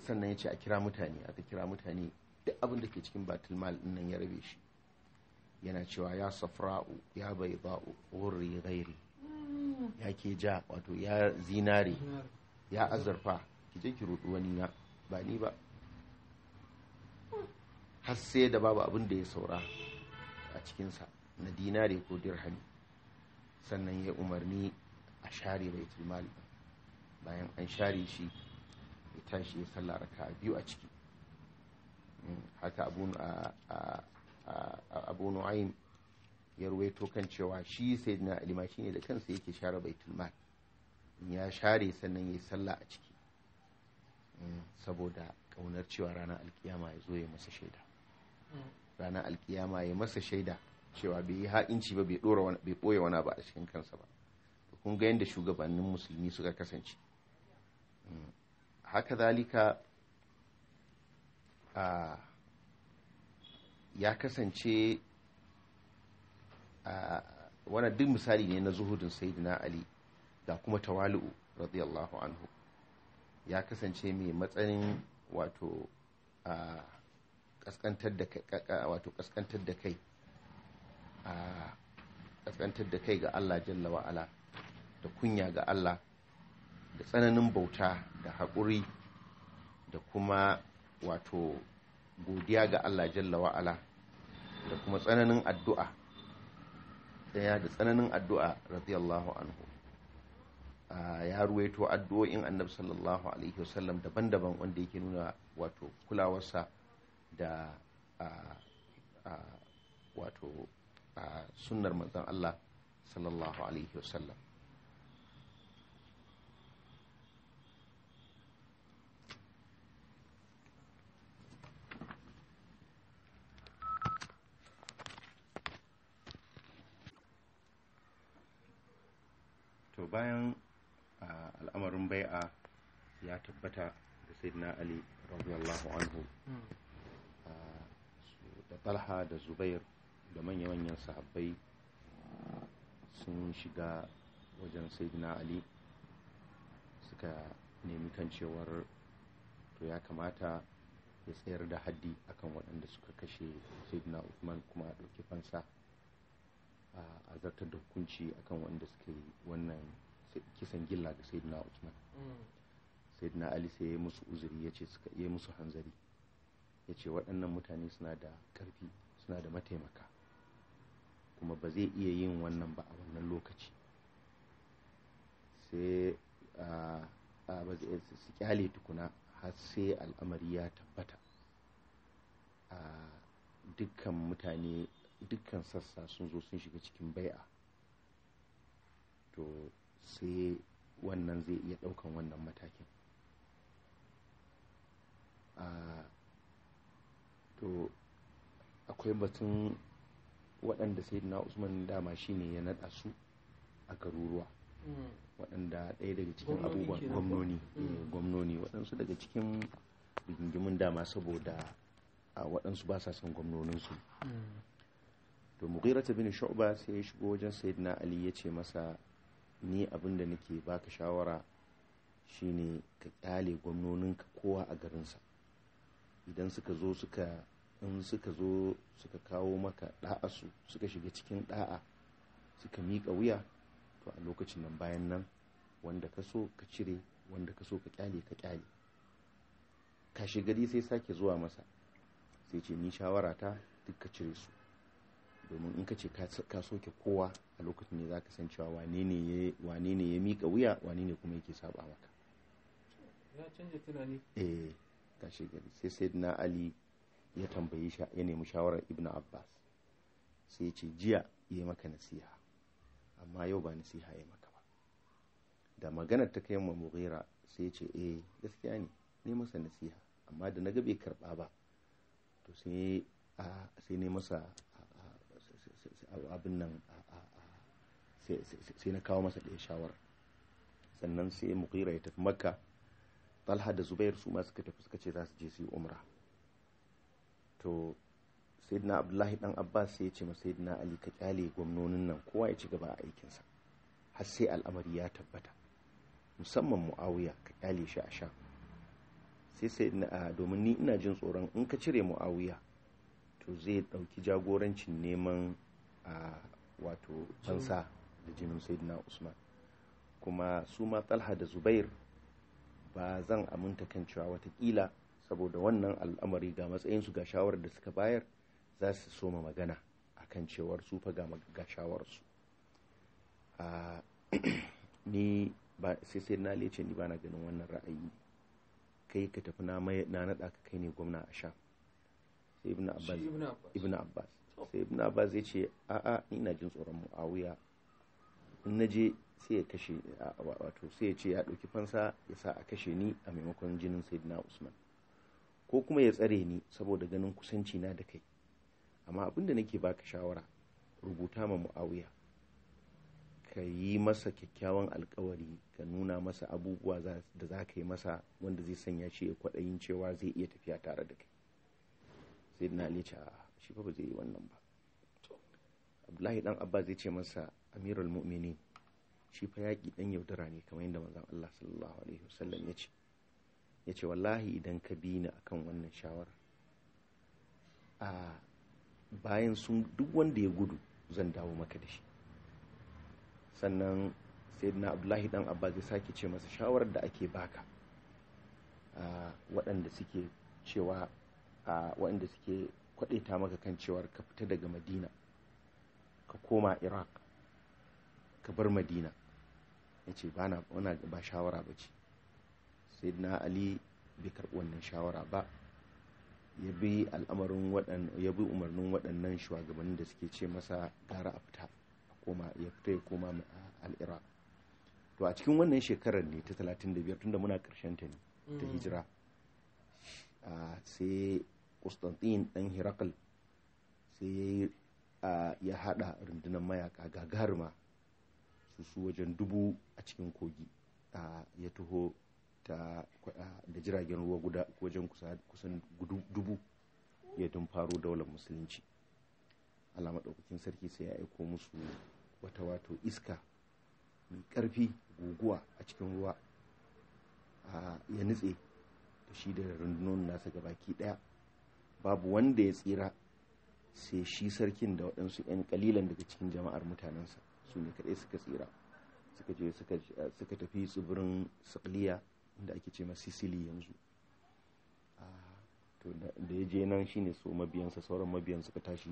sannan ya ce a kira mutane aka kira mutane duk abinda ke cikin batul mal nan ya rabe shi yana cewa ya safra'u ya bai wurin wurri gairi ya ke ja wato ya zinare ya azurfa ki je ki rudu wani na ba ni ba har sai da babu abin da ya saura a cikinsa na dinare ko dirhami sannan ya umarni a share bai mal bayan an share shi ya tashi ya sallah raka biyu a ciki hmm, haka abun a abu nu'aim ya ruwaito kan cewa shi sai ali ma ne da kansa yake share baitul mal ya share sannan yi sallah a ciki mm, saboda kaunar cewa ranar alkiyama ya zo ya masa shaida ranar alkiyama ya masa shaida cewa bai yi ha'inci ba bai ɓoye wani ba a cikin kansa ba kun ga yadda shugabannin musulmi suka kasance mm, haka zalika a ah, ya kasance a wani duk misali ne na zuhudin sayyidina ali da kuma tawali'u radiyallahu anhu ya kasance mai matsayin wato a kaskantar da kai wato kaskantar da kai a kaskantar da kai ga Allah jalla wa'ala da kunya ga Allah da tsananin bauta da haƙuri da kuma wato godiya ga Allah jalla wa'ala da kuma tsananin addu'a daya da tsananin addu'a radiyallahu anhu ya ruwaito addu'o'in annabi sallallahu alaihi wasallam daban-daban wanda yake nuna wato kulawarsa da wato sunnar manzon Allah sallallahu alaihi wasallam bayan al'amarin bai'a ya tabbata da sayyidina ali radiyallahu anhu da talha da zubair da manya-manyan sahabbai sun shiga wajen sayyidina ali suka nemi kan cewar to ya kamata ya tsayar da haddi akan waɗanda suka kashe sayyidina usman kuma a ɗauki fansa a zartar da hukunci akan wanda suka yi wannan kisan gilla da sayyidina usman mm. sayyidina ali sai ya musu uzuri ya ce suka yi musu hanzari ya ce waɗannan mutane suna da karfi suna da mataimaka kuma ba zai iya yin wannan ba a wannan lokaci sai su kyale tukuna har sai al'amari ya tabbata dukkan mutane dukkan sassa sun zo sun shiga cikin bai'a to sai wannan zai iya ɗaukan wannan matakin to akwai batun waɗanda sai na usman dama shi ne ya naɗa su a garuruwa waɗanda ɗaya daga cikin abubuwan gwamnoni mm. eh, gwamnoni waɗansu daga cikin rigingimin dama saboda a waɗansu ba sa son gwamnoninsu mm. to mughira bin shu'ba sai ya shigo wajen sayyidina ali ya ce masa ni abin da nake baka shawara shine ka kyale gwamnoninka kowa a garinsa idan suka zo suka in suka zo suka kawo maka su suka shiga cikin da'a suka miƙa wuya to a lokacin nan bayan nan wanda ka so ka cire wanda ka so ka kyale ka kyale kashi gari sai sake zuwa masa sai ce ni shawara ta duk ka cire su domin in ka ce ka soke kowa a lokacin ne za ka san cewa wane ne ya miƙa wuya wane ne kuma yake saba maka ya canja tunani eh ta gari sai na ali ya tambaye shi ya nemi shawarar ibn abbas sai ce jiya ya maka nasiha amma yau ba nasiha ya maka ba da maganar ta kai ma mughira sai ya ce eh gaskiya ne ne masa nasiha amma da na ga bai karba ba to sai a sai ne masa abin nan sai na kawo masa ɗaya shawara sannan sai mukira ya tafi makka talha da zubair su ma suka tafi ce za su je su yi umra to dina abdullahi dan abbas sai ya ce ma dina ali ka kyale gwamnonin nan kowa ya ci gaba a aikinsa har sai al'amari ya tabbata musamman muawiya ka kyale shi a sha sai sai domin ni ina jin tsoron in ka cire muawiya to zai dauki jagorancin neman a wato bansa hmm. da jinin sayyidina usman kuma su ma talha da zubair ba zan aminta kan cewa watakila saboda wannan al'amari ga matsayinsu ga shawarar da suka bayar za su soma magana a kan cewar su fa ga shawararsu <clears throat> ni ba sai sai na lece ni ba na ganin wannan ra'ayi kai ka tafi na naɗa ka kai ne gwamna a sha sai ibn abbas sai ibn abbas ya ce a'a ina jin tsoron muawiya in na je sai ya kashe wato sai ya ce ya ɗauki fansa ya sa a kashe ni a maimakon jinin sayyidina usman ko kuma ya tsare ni saboda ganin kusanci na da kai amma abin da nake baka shawara rubuta ma muawiya ka yi masa kyakkyawan alkawari ka nuna masa abubuwa da za ka yi masa wanda zai sanya shi ya kwaɗayin cewa zai iya tafiya tare da kai sai na ce a'a shi ba zai yi wannan ba abdullahi dan abba zai ce masa amirul mu'minin shi fa yaƙi dan yaudara ne kamar yadda manzon Allah sallallahu alaihi wasallam ya ce ya ce wallahi idan ka bi ni akan wannan shawara a bayan sun duk wanda ya gudu zan dawo maka da shi sannan sayyidina abdullahi dan abba zai sake ce masa shawarar da ake baka waɗanda suke cewa waɗanda suke kwadaita maka kan cewar ka fita daga madina ka koma iraq ka bar madina ya ce ba ba shawara ba ce sai na ali bai karɓi wannan shawara ba ya bi al'amarin ya bi umarnin waɗannan shugabannin da suke ce masa gara a fita ya fita ya koma al'iraq to a cikin wannan shekarar ne ta 35 tunda muna ƙarshen ta ne ta mm. hijira sai Constantine ɗan Herakl sai ya haɗa rundunar mayaka gagarima su su wajen dubu a cikin kogi ya taho da jiragen ruwa guda wajen kusan dubu ya tun faro daular musulunci alama ɗaukakin sarki sai ya aiko musu wata wato iska mai ƙarfi guguwa a cikin ruwa ya nutse da shi da rundunonin nasa gabaki ɗaya babu wanda ya tsira sai shi sarkin da waɗansu 'yan kalilan daga cikin jama'ar mutanensa su ne kaɗai suka tsira suka je suka tafi tsibirin sakliya inda ake ce sicily yanzu ah, to da ya je nan shine so mabiyansa sauran mabiyan suka tashi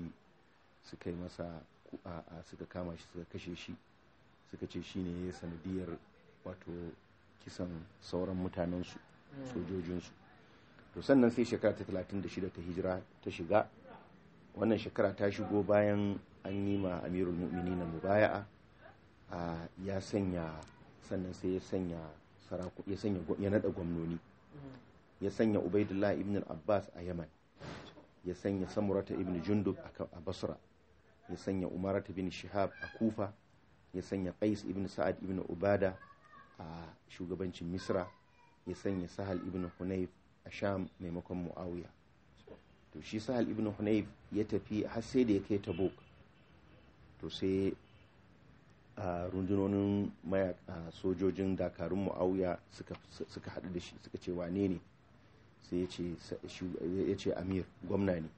suka yi masa a suka kama shi suka kashe shi suka ce shine ya sanadiyar wato kisan sauran mutanensu hmm. sojojinsu to sannan sai shekara ta 36 ta hijira ta shiga wannan shekara ta shigo bayan an yi ma amirul mu'mini na mubaya'a ya sanya sannan sai ya sanya saraku ya sanya ya nada gwamnoni ya sanya ubaidullah ibn abbas a yaman ya sanya samurata ibn jundub a basra ya sanya umarata ibn shihab a kufa ya sanya qais ibn sa'ad ibn ubada a shugabancin misra ya sanya sahal ibn hunayf a sham maimakon muawiya to shi sahal ibn hunayf ya tafi har sai da ya kai tabuk to sai a rundunonin sojojin dakarun muawiya suka haɗu da shi suka ce wane ne sai ya ce amir gwamna ne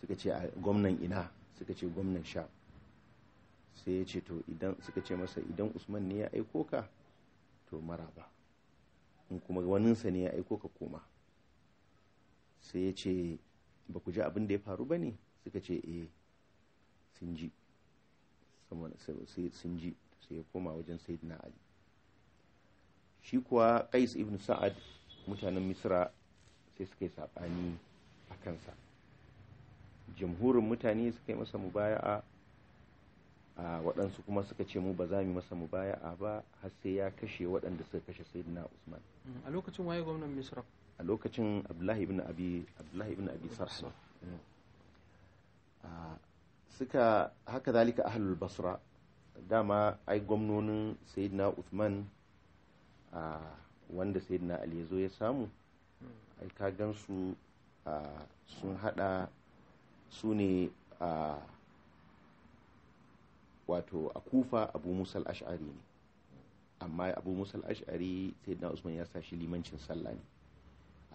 suka ce gwamnan ina suka ce gwamnan sha sai ya ce to idan suka ce masa idan usman ne ya aiko ka to maraba in kuma waninsa ne ya aiko ka koma sai ya ce ba ku ji abin da ya faru ba ne suka ce eh sun ji sun ji sai ya koma wajen saidina ali shi kuwa qais ibn sa'ad mutanen misra sai suka yi saɓani a kansa jamhurin mutane suka yi masa mubaya'a a waɗansu kuma suka ce mu ba za mu masa mubaya'a ba har sai ya kashe waɗanda suka kashe saidina usman a lokacin waye gwamnan misra a lokacin abdullahi ibn abi abdullahi ibn abi sarhun eh. ah, suka haka zalika ahlul basra dama ai gwamnonin sayyidina uthman a ah, wanda sayyidina ali yazo ya samu hmm. ai ka gansu ah, sun hada su ne a wato a kufa abu musal ash'ari amma abu musal ash'ari sayyidina usman ya sa shi limancin sallah ne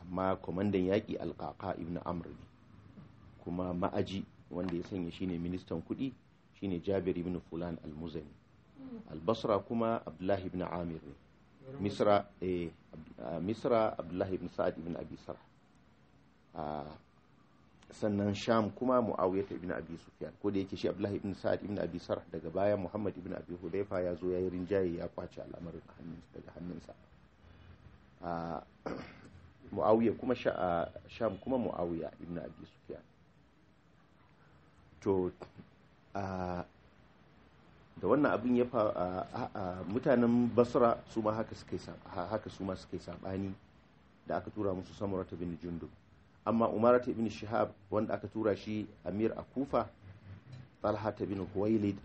amma kwamandan yaƙi alƙaƙa ibn amr ne kuma ma'aji wanda ya sanya shine ministan kuɗi shine jabir ibn fulan al-muzani albasra kuma abdullahi ibn amir ne misra eh, ah, misra abdullahi ibn sa'ad ibn abi ah, sannan sham kuma muawiyah ibn abi sufyan ko da yake shi abdullahi ibn sa'ad ibn abi sarh daga baya muhammad ibn abi hudayfa ya zo ya yi rinjaye ya kwace al'amarin daga hannunsa ah, muawiya kuma sham kuma muawiya ibn abi sufyan to da wannan abin ya mutanen basra su ma haka su ma suka sabani da aka tura musu samurata bin Jundu amma umarata ibn shihab wanda aka tura shi amir a kufa ta bin huwailid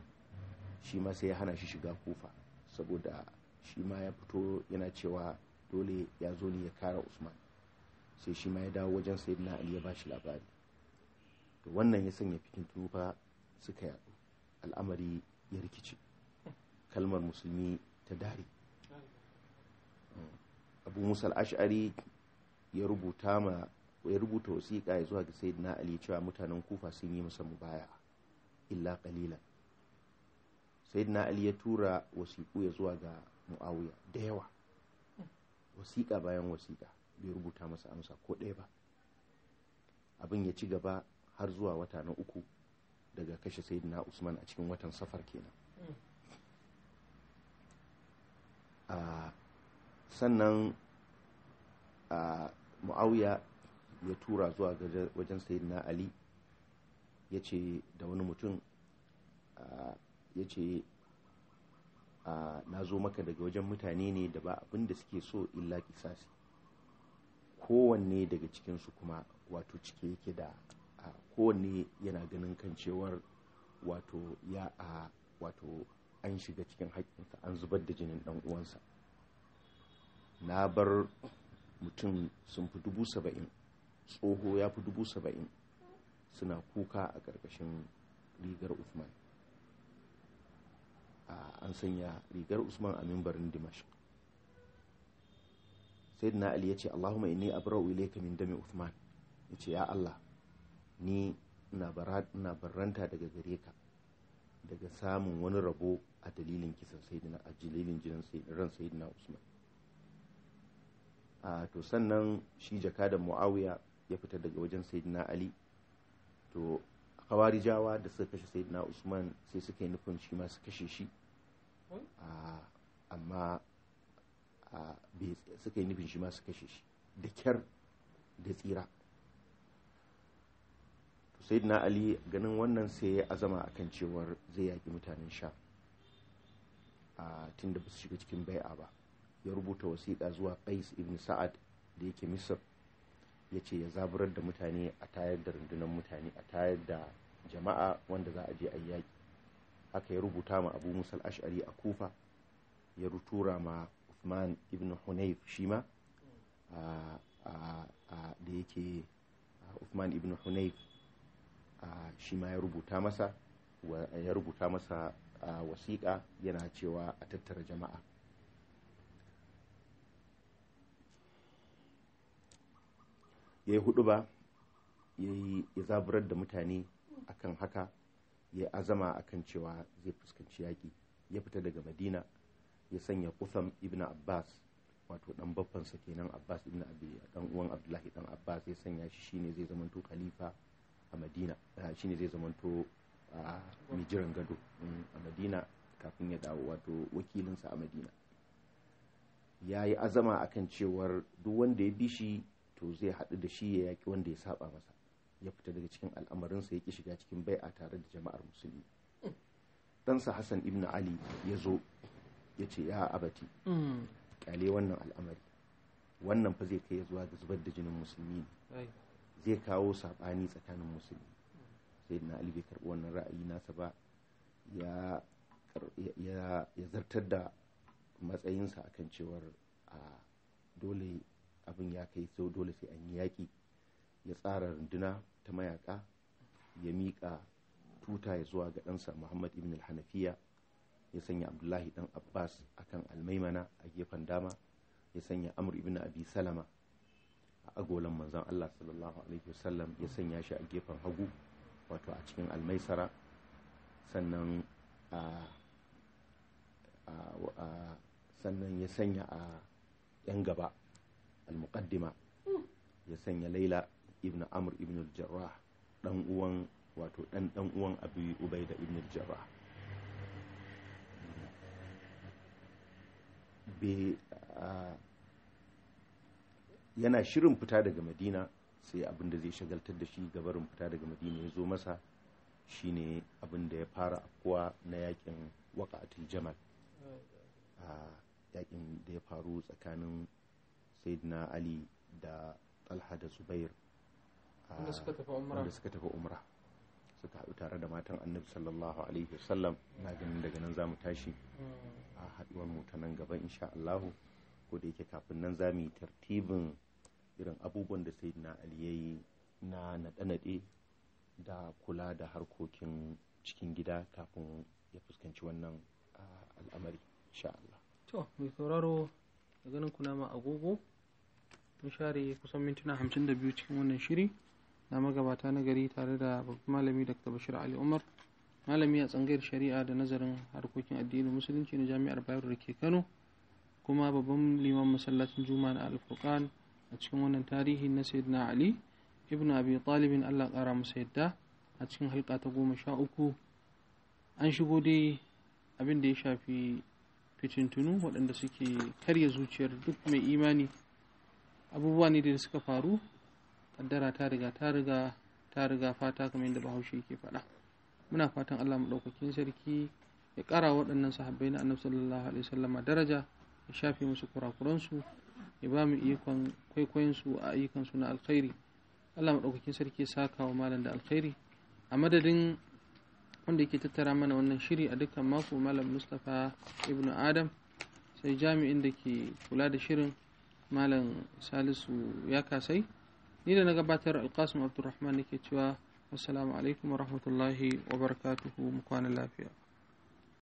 shi ma sai ya hana shi shiga kufa saboda shi ma ya fito yana cewa dole ya zo ne ya kara usman sai shi ma ya dawo wajen sayidina ali ya bashi labari to wannan ya sanya fikin tufa suka yatsu al'amari ya rikice kalmar musulmi ta dare abu musa al'ashari ya rubuta ma ya rubuta wasiƙa ya zuwa ga sayidina ali cewa mutanen kufa sun yi masa mubaya illa qalilan sayidina ali ya tura wasiƙu ya zuwa ga muawiya da yawa wasiƙa bayan wasiƙa bai rubuta masa amsa ko ɗaya ba abin ya ci gaba har zuwa wata na uku daga kashe sayidina usman a cikin watan safar kenan a sannan a mu'awiya ya tura zuwa wajen sayidina ali ya ce da wani mutum ya ce na zo maka daga wajen mutane ne da ba abin da suke so illa kisasi kowanne daga cikinsu kuma wato cike yake da kowanne yana ganin kan cewar wato ya a wato an shiga cikin haƙƙinsa an zubar da jinin ɗan uwansa na bar mutum sun fi dubu saba'in tsoho ya fi dubu saba'in suna kuka a ƙarƙashin rigar usman an sanya rigar usman a mimbarin dimashq na ali ya ce allahumma inni abra'u ilayka min dami Usman ya ce ya allah ni ina baranta daga gare ka daga samun wani rabo a dalilin kisan sayyidina a dalilin jinan ran sayyidina usman a ah, to sannan shi jaka da muawiya ya fita daga wajen sayyidina ali to jawa da suka kashe sayyidina usman sai suka yi nufin shi ma su kashe shi ah, amma suka yi nufin shi ma su kashe shi da kyar da tsira sai na ali ganin wannan sai ya azama kan cewar zai yaƙi mutanen sha a tun da ba su shiga cikin bai'a ba ya rubuta wasiƙa zuwa qais ibn sa'ad da yake misir ya ce ya zaburar da mutane a tayar da rundunar mutane a tayar da jama'a wanda za a je a yaƙi haka ya rubuta ma abu musal ash'ari a kufa ya tura ma usman ibn hunayf shi ma da yake usman ibn hunayf shi ma ya rubuta masa ya rubuta masa wasiƙa yana cewa a tattara jama'a ya yi hudu ba ya zaburar da mutane akan haka ya azama akan cewa zai fuskanci yaƙi ya fita daga madina ya sanya kusan ibn Abbas wato dan baffansa kenan Abbas ibn Abi dan uwan Abdullahi dan Abbas ya sanya shi shine zai zamanto khalifa a Madina shine zai to a gado mm, a Madina kafin ya dawo wato wakilinsa a Madina ya yi azama akan cewar duk wanda ya bi shi to zai haɗu da shi ya yaƙi wanda ya saba masa ya fita daga cikin al'amarinsa ya ki shiga cikin bai'a tare da jama'ar musulmi ɗansa hassan ibn ali ya zo ya ce ya abati hmm. kyale wannan al'amari wannan fa zai kai zuwa ga zubar da jinin musulmi ne zai kawo saɓani tsakanin musulmi sai na ali bai karɓi wannan ra'ayi nasa ba ya zartar da matsayinsa akan cewar a dole abin ya kai sau dole sai an yi yaƙi ya tsara runduna ta mayaka. ya miƙa tuta ya zuwa ga ɗansa muhammad ibn al-hanafiya ya sanya abdullahi dan abbas akan almaimana a gefen dama ya sanya amur ibn abi salama a agolan manzon allah sallallahu alaihi wasallam ya sanya shi a gefen hagu wato a cikin almaisara sannan a sannan ya sanya a yan gaba al ya sanya laila ibn amur ibn al-jarrah dan uwan wato dan dan uwan abi ubaida ibn al-jarrah yana shirin fita daga madina sai abin da zai shagaltar da shi gabarin fita daga madina ya zo masa shine abin da ya fara afkuwa na yakin wakatun jamal a yakin da ya faru tsakanin sayyidina ali da talha da zubair wanda suka tafi umra suka haɗu tare da matan annabi sallallahu alaihi wasallam na ganin daga nan mu tashi a haɗuwar mu ta nan gaba insha Allah ko da yake kafin nan zamu yi tartibin irin abubuwan da sai na yayi na naɗe-naɗe da kula da harkokin cikin gida kafin ya fuskanci wannan al'amari insha Allah to mai sauraro ganin kuna ma agogo mun share kusan mintuna hamsin da biyu cikin wannan shiri na magabata na gari tare da malami dr bashir ali umar malami a tsangayar shari'a da nazarin harkokin addinin musulunci na jami'ar bayar da ke kano kuma babban liman masallacin juma na alfurqan a cikin wannan tarihi na sayyidina ali ibn abi talibin allah kara musa yadda a cikin halka ta goma sha uku an shigo dai abin da ya shafi fitintunu waɗanda suke karya zuciyar duk mai imani abubuwa ne da suka faru kaddara ta riga ta riga ta riga fata kamar yadda bahaushe yake faɗa muna fatan allah maɗaukakin sarki ya ƙara waɗannan sahabbai na annabi sallallahu alaihi wasallam daraja ya shafe musu kurakuransu ya ba mu ikon kwaikwayonsu a ayyukansu na alkhairi allah maɗaukakin sarki ya saka wa malam da alkhairi a madadin wanda yake tattara mana wannan shiri a dukkan mako malam mustapha ibnu adam sai jami'in da ke kula da shirin malam salisu ya kasai ni da na gabatar alkasim abdulrahman ke cewa assalamu alaikum wa rahmatullahi wa barakatuhu mu kwana lafiya